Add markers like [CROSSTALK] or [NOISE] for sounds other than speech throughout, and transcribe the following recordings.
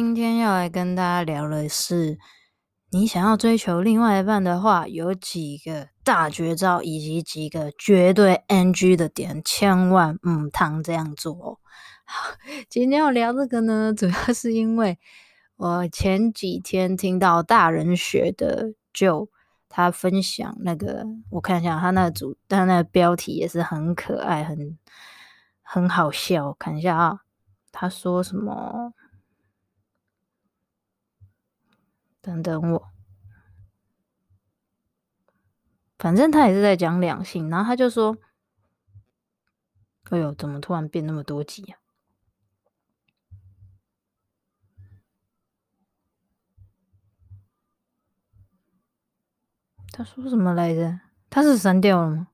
今天要來跟大家聊的是，你想要追求另外一半的話，有幾個大絕招，以及幾個絕對 NG 的點，千萬母湯這樣做，哦、好，今天要聊這個呢，主要是因為我前幾天聽到大人學的，就他分享那個，我看一下他那組，他那標題也是很可愛，很很好笑。看一下啊，他說什麼？等等我，反正他也是在講兩性，然後他就說：“哎呦，怎麼突然變那麼多集呀？”他說什麼來着？他是刪掉了嗎？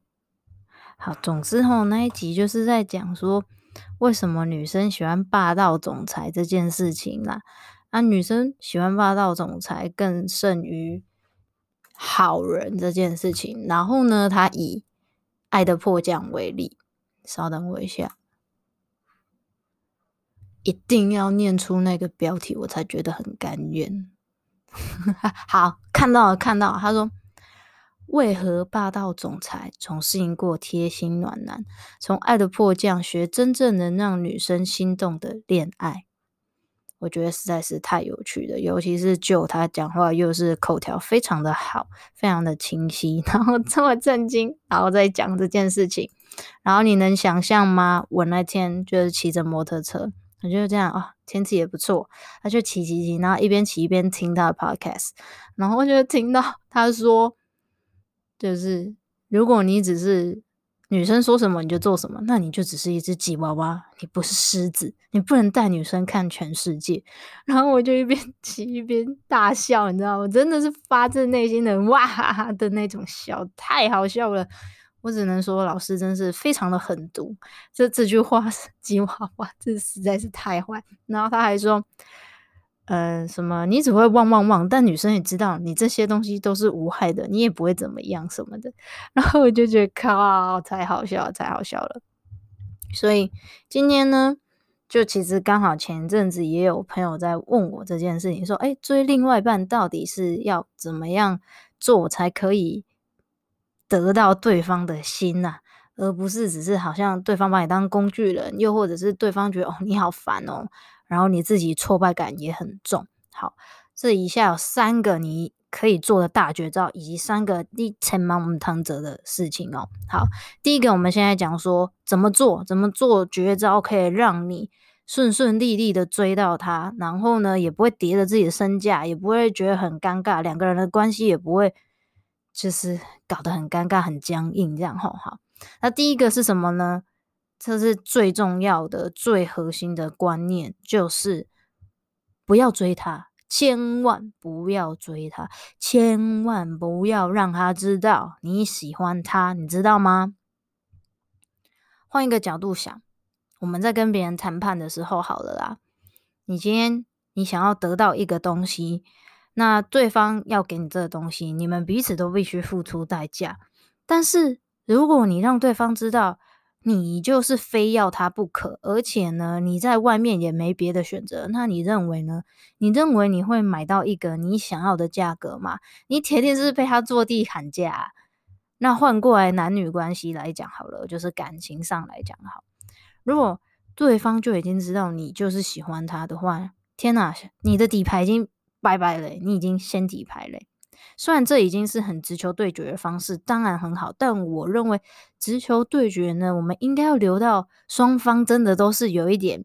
好，總之吼那一集就是在講說為什麼女生喜歡霸道總裁這件事情啦。那、啊、女生喜歡霸道總裁更勝於好人這件事情，然後呢，他以《愛的迫降》為例，稍等我一下，一定要念出那個標題，我才覺得很甘願。 [LAUGHS] 好，看到了，看到了，他說，為何霸道總裁總是贏過貼心暖男？從《愛的迫降》學真正能讓女生心動的戀愛。我覺得實在是太有趣了，尤其是就他講話又是口條非常的好，非常的清晰，然後這麼震驚，然後再講這件事情，然後你能想象嗎？我那天就是騎着摩托車，我就這樣啊、哦，天氣也不錯，他就騎騎騎，然後一邊騎一邊聽他的 podcast，然後我就聽到他說，就是如果你只是。女生說什麼你就做什麼，那你就只是一隻吉娃娃，你不是獅子，你不能帶女生看全世界。 [LAUGHS] 然後我就一邊騎一邊大笑，你知道，我真的是發自內心的哇哈哈的那種笑，太好笑了。我只能說，老師真是非常的狠毒，這這句話是吉娃娃，這實在是太壞。然後他還說。呃，什麼？你只會汪汪汪，但女生也知道你這些東西都是無害的，你也不會怎麼樣什麼的。然後我就覺得靠，太好笑，太好笑了。所以今天呢，就其實剛好前陣子也有朋友在問我這件事情，說：“誒，追另外一半到底是要怎麼樣做才可以得到對方的心吶、啊？而不是只是好像對方把你當工具人，又或者是對方覺得哦你好煩哦。”然後你自己挫敗感也很重。好，這以下有三個你可以做的大絕招，以及三個你千萬母湯做的事情哦。好，第一個我們現在講說怎麼做，怎麼做絕招可以讓你順順利利的追到他，然後呢也不會疊着自己的身價，也不會覺得很尷尬，兩個人的關係也不會就是搞得很尷尬、很僵硬這樣吼，好，那第一個是什麼呢？這是最重要的、最核心的觀念，就是不要追他，千萬不要追他，千萬不要讓他知道你喜歡他，你知道嗎？換一個角度想，我們在跟別人談判的時候，好了啦，你今天你想要得到一個東西，那對方要給你這個東西，你們彼此都必須付出代價。但是如果你讓對方知道，你就是非要他不可，而且呢，你在外面也沒別的選擇。那你認為呢？你認為你會買到一個你想要的價格嗎？你鐵定是被他坐地砍價啊。那換過來男女關係來講好了，就是感情上來講好。如果對方就已經知道你就是喜歡他的話，天哪，你的底牌已經拜拜了，你已經掀底牌了。雖然這已經是很直球對決的方式，當然很好，但我認為直球對決呢，我們應該要留到雙方真的都是有一點，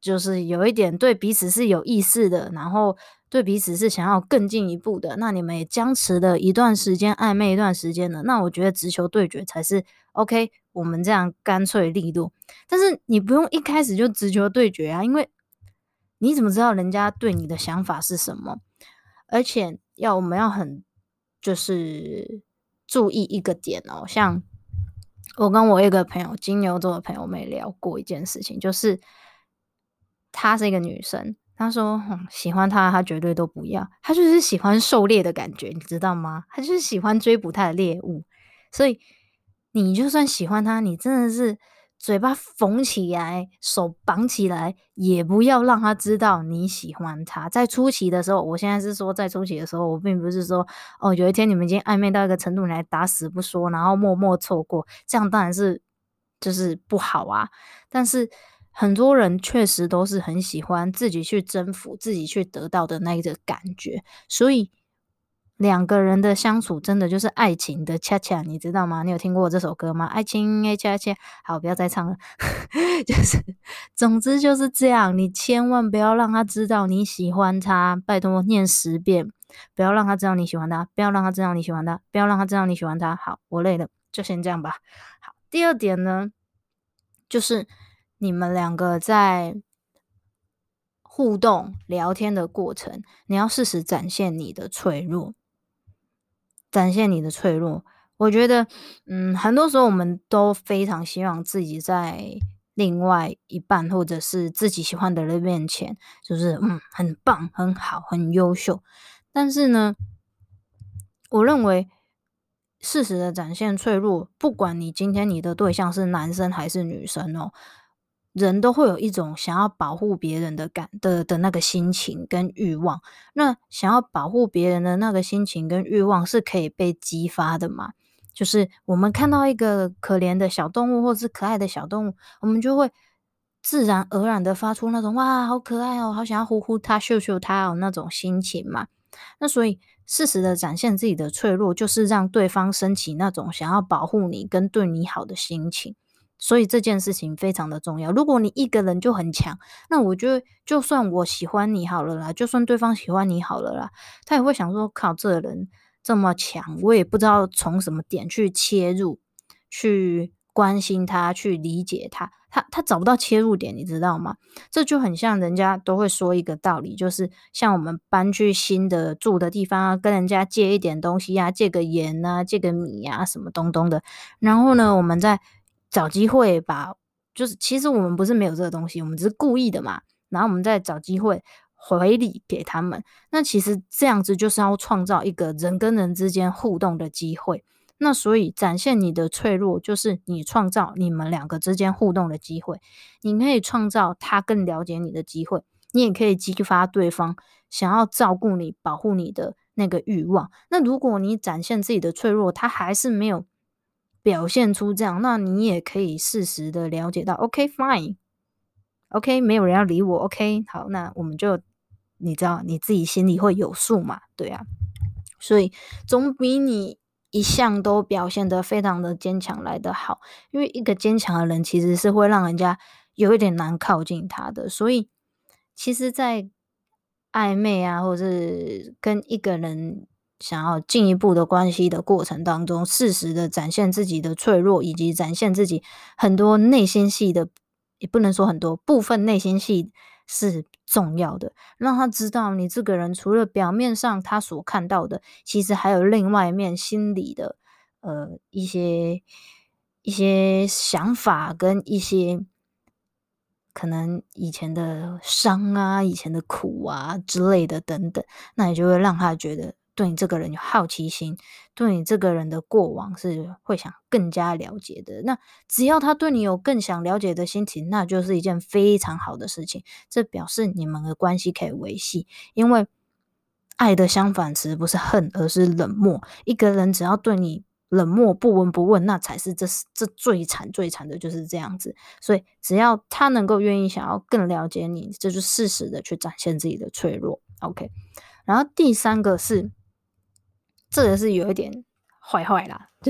就是有一點對彼此是有意思的，然後對彼此是想要更進一步的。那你們也僵持了一段時間，曖昧一段時間了，那我覺得直球對決才是 OK。我們這樣乾脆利落，但是你不用一開始就直球對決啊，因為你怎麼知道人家對你的想法是什麼？而且。要我們要很就是注意一個點哦，像我跟我一個朋友金牛座的朋友，我們也聊過一件事情，就是她是一個女生，她說，嗯，喜歡她，她絕對都不要，她就是喜歡狩獵的感覺，你知道嗎？她就是喜歡追捕她的獵物，所以你就算喜歡她，你真的是。嘴巴縫起來，手綁起來，也不要讓他知道你喜歡他。在初期的時候，我現在是說在初期的時候，我並不是說哦，有一天你們已經曖昧到一個程度，你還打死不說，然後默默錯過，這樣當然是就是不好啊。但是很多人確實都是很喜歡自己去征服、自己去得到的那一個感覺，所以。兩個人的相處真的就是愛情的恰恰，你知道嗎？你有聽過這首歌嗎？愛情、欸、恰恰，好，不要再唱了。 [LAUGHS] 就是，總之就是這樣。你千萬不要讓他知道你喜歡他，拜托，念十遍，不要讓他知道你喜歡他，不要讓他知道你喜歡他，不要讓他知道你喜歡他。好，我累了，就先這樣吧。好，第二點呢，就是你們兩個在互動聊天的過程，你要適時展現你的脆弱。展現你的脆弱，我覺得，嗯，很多時候我們都非常希望自己在另外一半或者是自己喜歡的人面前，就是，嗯，很棒，很好、很優秀。但是呢，我認為，適時的展現脆弱，不管你今天你的對象是男生還是女生哦。人都會有一種想要保護別人的感的的那個心情跟欲望，那想要保護別人的那個心情跟欲望是可以被激發的嘛？就是我們看到一個可憐的小動物或是可愛的小動物，我們就會自然而然的發出那種“哇，好可愛哦，好想要呼呼他，秀秀他哦”那種心情嘛。那所以適時的展現自己的脆弱，就是讓對方升起那種想要保護你跟對你好的心情。所以這件事情非常的重要。如果你一個人就很強，那我就就算我喜歡你好了啦，就算對方喜歡你好了啦，他也會想說：靠，這人這麼強，我也不知道從什麼點去切入，去關心他，去理解他，他他找不到切入點，你知道嗎？這就很像人家都會說一個道理，就是像我們搬去新的住的地方，跟人家借一點東西呀，借個鹽啊，借個米呀，什麼東東的。然後呢，我們在……找機會吧，就是其實我們不是沒有這個東西，我們只是故意的嘛。然後我們再找機會回禮給他們。那其實這樣子就是要創造一個人跟人之間互動的機會。那所以展現你的脆弱，就是你創造你們兩個之間互動的機會。你可以創造他更了解你的機會，你也可以激發對方想要照顧你、保護你的那個欲望。那如果你展現自己的脆弱，他還是沒有。表現出這樣，那你也可以適時的了解到，OK，Fine，OK，okay, okay, 沒有人要理我，OK，好，那我們就你知道你自己心裡會有數嘛，對啊，所以總比你一向都表現得非常的堅強來得好，因為一個堅強的人其實是會讓人家有一點難靠近他的，所以其實，在曖昧啊，或者是跟一個人。想要進一步的關係的過程當中，適時的展現自己的脆弱，以及展現自己很多內心戲的，也不能說很多部分內心戲是重要的，讓他知道你這個人除了表面上他所看到的，其實還有另外一面心理的，呃，一些一些想法跟一些可能以前的傷啊、以前的苦啊之類的等等，那你就會讓他覺得。對你這個人有好奇心，對你這個人的過往是會想更加了解的。那只要他對你有更想了解的心情，那就是一件非常好的事情。這表示你們的關係可以維繫，因為愛的相反詞不是恨，而是冷漠。一個人只要對你冷漠、不聞不問，那才是這這最慘、最慘的，就是這樣子。所以只要他能夠願意想要更了解你，這就適時的去展現自己的脆弱。OK，然後第三個是。這也、個、是有一點壞壞啦， [LAUGHS]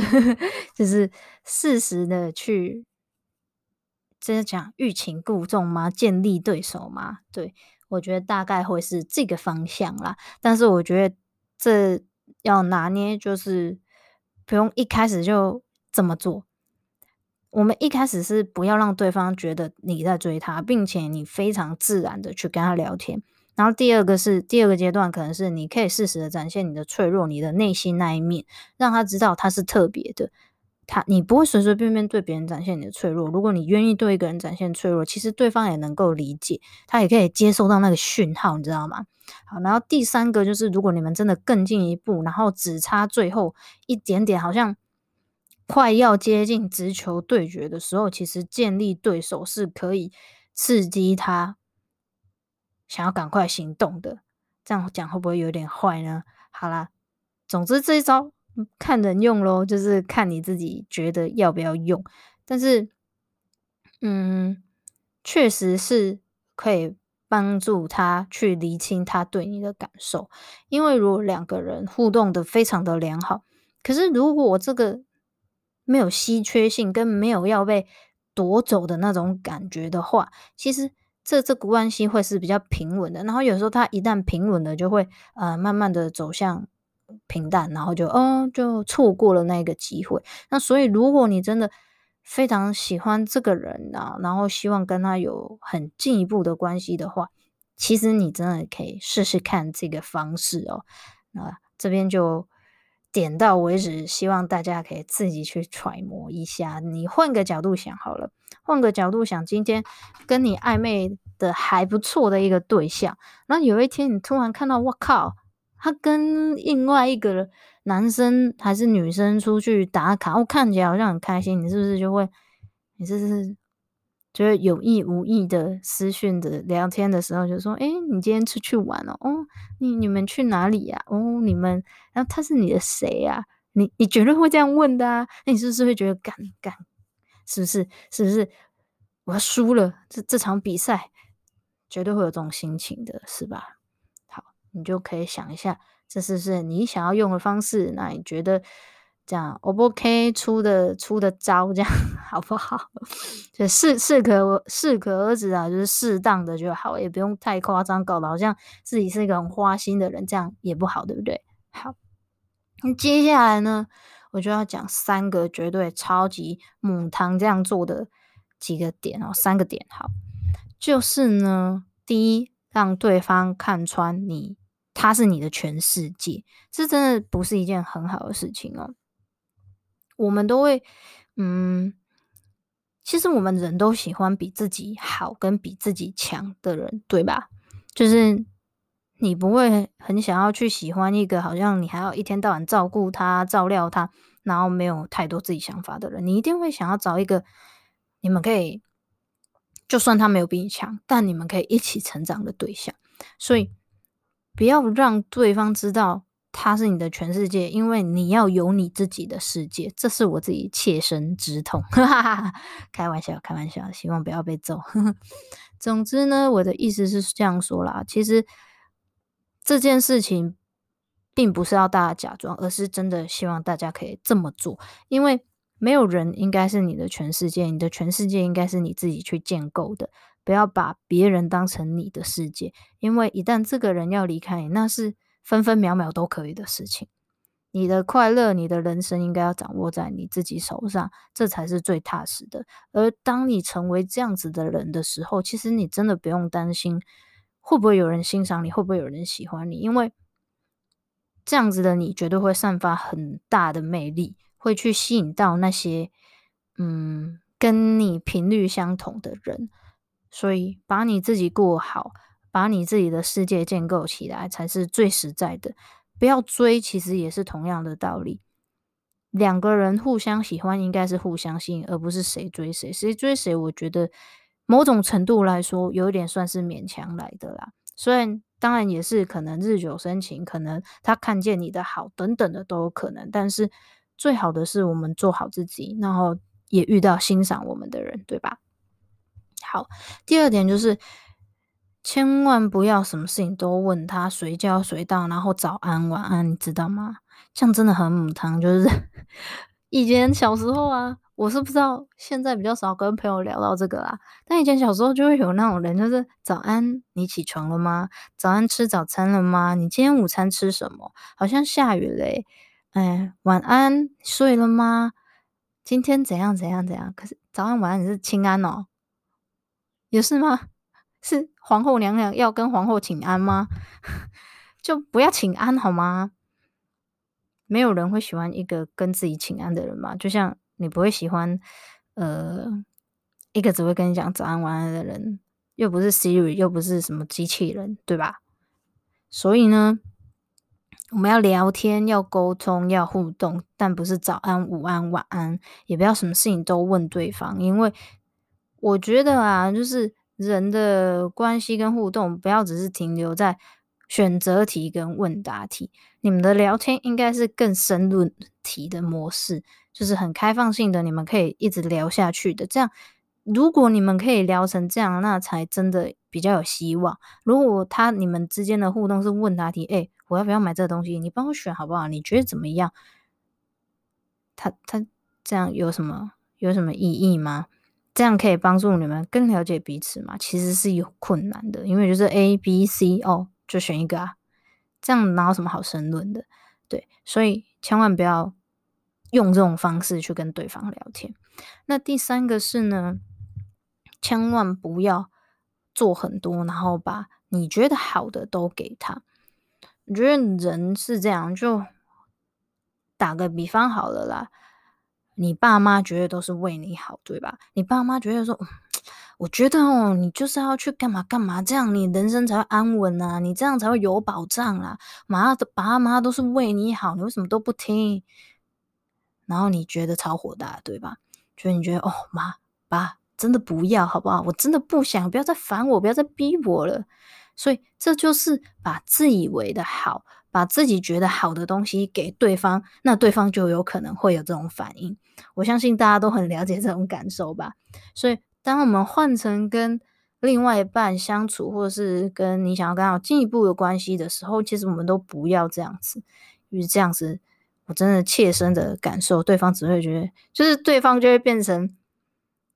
就是適時的去，真的講欲擒故縱嘛，建立對手嘛，對，我覺得大概會是這個方向啦。但是我覺得這要拿捏，就是不用一開始就這麼做。我們一開始是不要讓對方覺得你在追他，並且你非常自然的去跟他聊天。然後第二個是第二個階段，可能是你可以適時的展現你的脆弱，你的內心那一面，讓他知道他是特別的，他你不會隨隨便便對別人展現你的脆弱。如果你願意對一個人展現脆弱，其實對方也能夠理解，他也可以接受到那個訊號，你知道嗎？好，然後第三個就是，如果你們真的更進一步，然後只差最後一點點，好像快要接近直球對決的時候，其實建立對手是可以刺激他。想要趕快行動的，這樣講會不會有點壞呢？好啦，總之這一招看人用咯,就是看你自己覺得要不要用。但是，嗯，確實是可以幫助他去釐清他對你的感受，因為如果兩個人互動得非常的良好，可是如果這個沒有稀缺性跟沒有要被奪走的那種感覺的話，其實。這這關係會是比較平穩的，然後有時候他一旦平穩的，就會呃慢慢的走向平淡，然後就哦就錯過了那個機會。那所以如果你真的非常喜歡這個人呢、啊，然後希望跟他有很進一步的關係的話，其實你真的可以試試看這個方式哦。啊、呃，這邊就。點到為止，希望大家可以自己去揣摩一下。你換個角度想好了，換個角度想，今天跟你曖昧的還不錯的一個對象，然後有一天你突然看到，哇靠，他跟另外一個男生還是女生出去打卡，我看起來好像很開心，你是不是就會，你是不是？就是有意無意的私訊的聊天的時候，就說：“哎、欸，你今天出去玩了、哦？哦，你你們去哪裡呀、啊？哦，你們……然後他是你的誰呀、啊？你你絕對會這樣問的啊！那你是不是會覺得尷尬？是不是？是不是？我要輸了這這場比賽，絕對會有這種心情的，是吧？好，你就可以想一下，這是不是你想要用的方式？那你覺得？”這樣，我不 OK 出的出的招，這樣好不好？就適適可適可而止啊，就是適當的就好，也不用太誇張，搞得好像自己是一個很花心的人，這樣也不好，對不對？好，那接下來呢，我就要講三個絕對超級母湯這樣做的幾個點哦，三個點，好，就是呢，第一，讓對方看穿你，他是你的全世界，這真的不是一件很好的事情哦。我們都會，嗯，其實我們人都喜歡比自己好跟比自己強的人，對吧？就是你不會很想要去喜歡一個好像你還要一天到晚照顧他、照料他，然後沒有太多自己想法的人。你一定會想要找一個你們可以，就算他沒有比你強，但你們可以一起成長的對象。所以，不要讓對方知道。他是你的全世界，因為你要有你自己的世界，這是我自己切身之痛。哈哈哈，開玩笑，開玩笑，希望不要被揍。 [LAUGHS] 總之呢，我的意思是這樣說啦。其實這件事情並不是要大家假裝，而是真的希望大家可以這麼做，因為沒有人應該是你的全世界，你的全世界應該是你自己去建構的。不要把別人當成你的世界，因為一旦這個人要離開你，那是。分分秒秒都可以的事情，你的快樂，你的人生應該要掌握在你自己手上，這才是最踏實的。而當你成為這樣子的人的時候，其實你真的不用擔心會不會有人欣賞你，會不會有人喜歡你，因為這樣子的你絕對會散發很大的魅力，會去吸引到那些，嗯，跟你頻率相同的人。所以把你自己過好。把你自己的世界建構起來才是最實在的，不要追，其實也是同樣的道理。兩個人互相喜歡，應該是互相吸引，而不是誰追誰。誰追誰，我覺得某種程度來說，有一點算是勉強來的啦。雖然當然也是可能日久生情，可能他看見你的好等等的都有可能。但是最好的是我們做好自己，然後也遇到欣賞我們的人，對吧？好，第二點就是。千萬不要什麼事情都問他，隨叫隨到，然後早安晚安，你知道嗎？這樣真的很母湯。就是以前 [LAUGHS] 小時候啊，我是不知道，現在比較少跟朋友聊到這個啦。但以前小時候就會有那種人，就是早安，你起床了嗎？早安，吃早餐了嗎？你今天午餐吃什麼？好像下雨嘞、欸。哎，晚安，睡了嗎？今天怎樣怎樣怎樣？可是早安晚安也是請安哦，也是嗎？是皇後娘娘要跟皇后請安嗎？ [LAUGHS] 就不要請安好嗎？沒有人會喜歡一個跟自己請安的人嘛。就像你不會喜歡，呃，一個只會跟你講早安、晚安的人，又不是 Siri，又不是什麼機器人，對吧？所以呢，我們要聊天，要溝通，要互動，但不是早安、午安、晚安，也不要什麼事情都問對方，因為我覺得啊，就是。人的關係跟互動，不要只是停留在選擇題跟問答題。你們的聊天應該是更申論題的模式，就是很開放性的，你們可以一直聊下去的。這樣，如果你們可以聊成這樣，那才真的比較有希望。如果他你們之間的互動是問答題，欸，我要不要買這個東西？你幫我選好不好？你覺得怎麼樣？他他這樣有什麼有什麼意義嗎？這樣可以幫助你們更了解彼此嘛？其實是有困難的，因為就是 A、B、C 哦，就選一個啊，這樣哪有什麼好深論的？對，所以千萬不要用這種方式去跟對方聊天。那第三個是呢，千萬不要做很多，然後把你覺得好的都給他。我覺得人是這樣，就打個比方好了啦。你爸媽覺得，都是為你好，對吧？你爸媽覺得說、嗯，我覺得哦，你就是要去幹嘛幹嘛，這樣你人生才會安穩啊，你這樣才會有保障啦、啊。媽的，爸媽都是為你好，你為什麼都不聽？然後你覺得超火大，對吧？所以你覺得哦，媽爸真的不要好不好？我真的不想，不要再煩我，不要再逼我了。所以這就是把自以為的好。把自己覺得好的東西給對方，那對方就有可能會有這種反應。我相信大家都很了解這種感受吧。所以，當我們換成跟另外一半相處，或者是跟你想要更好進一步的關係的時候，其實我們都不要這樣子，因為這樣子我真的切身的感受，對方只會覺得，就是對方就會變成。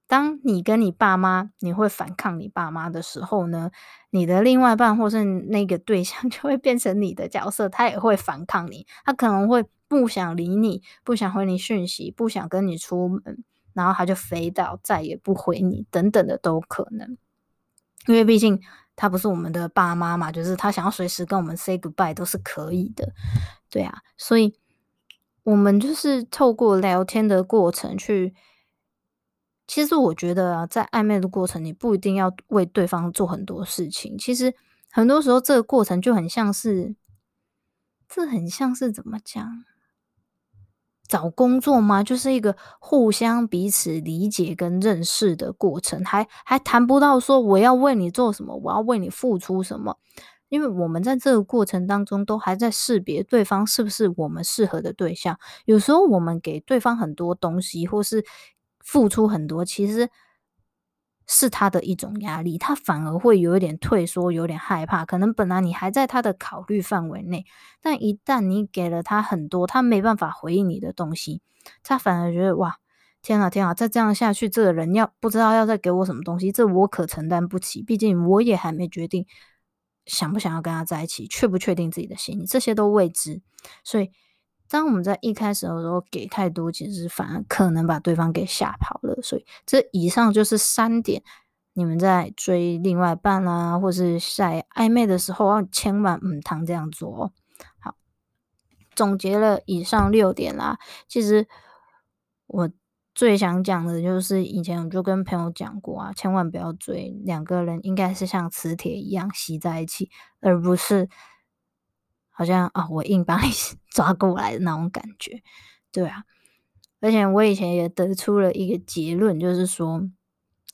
當你跟你爸媽，你會反抗你爸媽的時候呢？你的另外一半或是那個對象就會變成你的角色，他也會反抗你，他可能會不想理你，不想回你訊息，不想跟你出門，然後他就飛到，再也不回你，等等的都可能。因為畢竟他不是我們的爸媽嘛，就是他想要隨時跟我們 say goodbye 都是可以的，對啊，所以我們就是透過聊天的過程去。.其實我覺得啊，在曖昧的過程，你不一定要為對方做很多事情。其實很多時候，這個過程就很像是，這很像是怎麼講？找工作嗎？就是一個互相彼此理解跟認識的過程，還還談不到說我要為你做什麼，我要為你付出什麼。因為我們在這個過程當中，都還在識別對方是不是我們適合的對象。有時候我們給對方很多東西，或是。付出很多，其實是他的一種壓力，他反而會有一點退縮，有點害怕。可能本來你還在他的考慮範圍內，但一旦你給了他很多，他沒辦法回應你的東西，他反而覺得哇，天啊，天啊，再這樣下去，這個人要不知道要再給我什麼東西，這我可承擔不起。畢竟我也還沒決定想不想要跟他在一起，確不確定自己的心意，這些都未知，所以。當我們在一開始的時候給太多，其實反而可能把對方給嚇跑了。所以這以上就是三點，你們在追另外一半啦、啊，或是曬曖昧的時候，要千萬毋通這樣做哦。好，總結了以上六點啦。其實我最想講的就是，以前我就跟朋友講過啊，千萬不要追，兩個人應該是像磁鐵一樣吸在一起，而不是。好像啊、哦，我硬把你抓過來的那種感覺，對啊。而且我以前也得出了一個結論，就是說，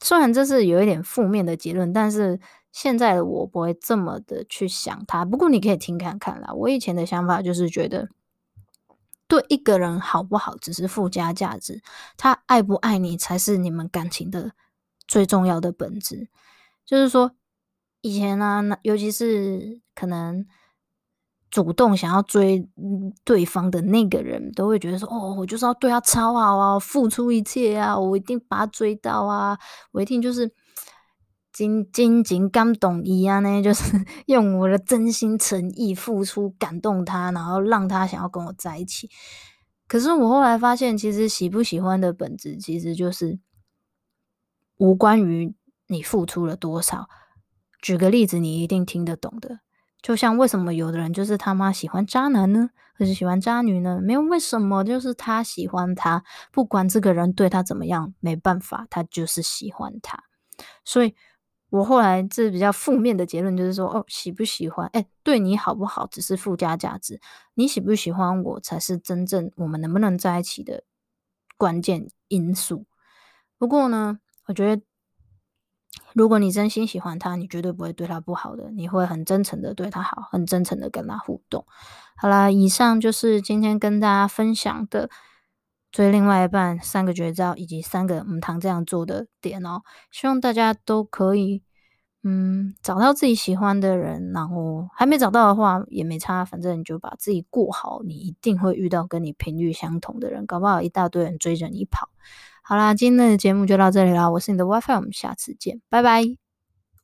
雖然這是有一點負面的結論，但是現在我不會這麼的去想他。不過你可以聽看看啦。我以前的想法就是覺得，對一個人好不好只是附加價值，他愛不愛你才是你們感情的最重要的本質。就是說，以前呢、啊，那尤其是可能。主動想要追嗯對方的那個人，都會覺得說：“哦，我就是要對他超好啊，我付出一切啊，我一定把他追到啊，我一定就是精精精剛懂一樣呢，就是用我的真心誠意付出感動他，然後讓他想要跟我在一起。”可是我後來發現，其實喜不喜歡的本質其實就是無關於你付出了多少。舉個例子，你一定聽得懂的。就像，為什麼有的人就是他媽喜歡渣男呢，還是喜歡渣女呢？沒有為什麼，就是他喜歡他，不管這個人對他怎麼樣，沒辦法，他就是喜歡他。所以，我後來這比較負面的結論就是說，哦，喜不喜歡，哎，對你好不好，只是附加價值，你喜不喜歡我，才是真正我們能不能在一起的關鍵因素。不過呢，我覺得。如果你真心喜歡他，你絕對不會對他不好的，你會很真誠的對他好，很真誠的跟他互動。好啦，以上就是今天跟大家分享的追另外一半三個絕招，以及三個毋湯這樣做的點哦、喔。希望大家都可以，嗯，找到自己喜歡的人。然後還沒找到的話也沒差，反正你就把自己過好，你一定會遇到跟你頻率相同的人，搞不好一大堆人追着你跑。好啦，今天的節目就到這裡啦！我是你的 WiFi，我們下次見，拜拜。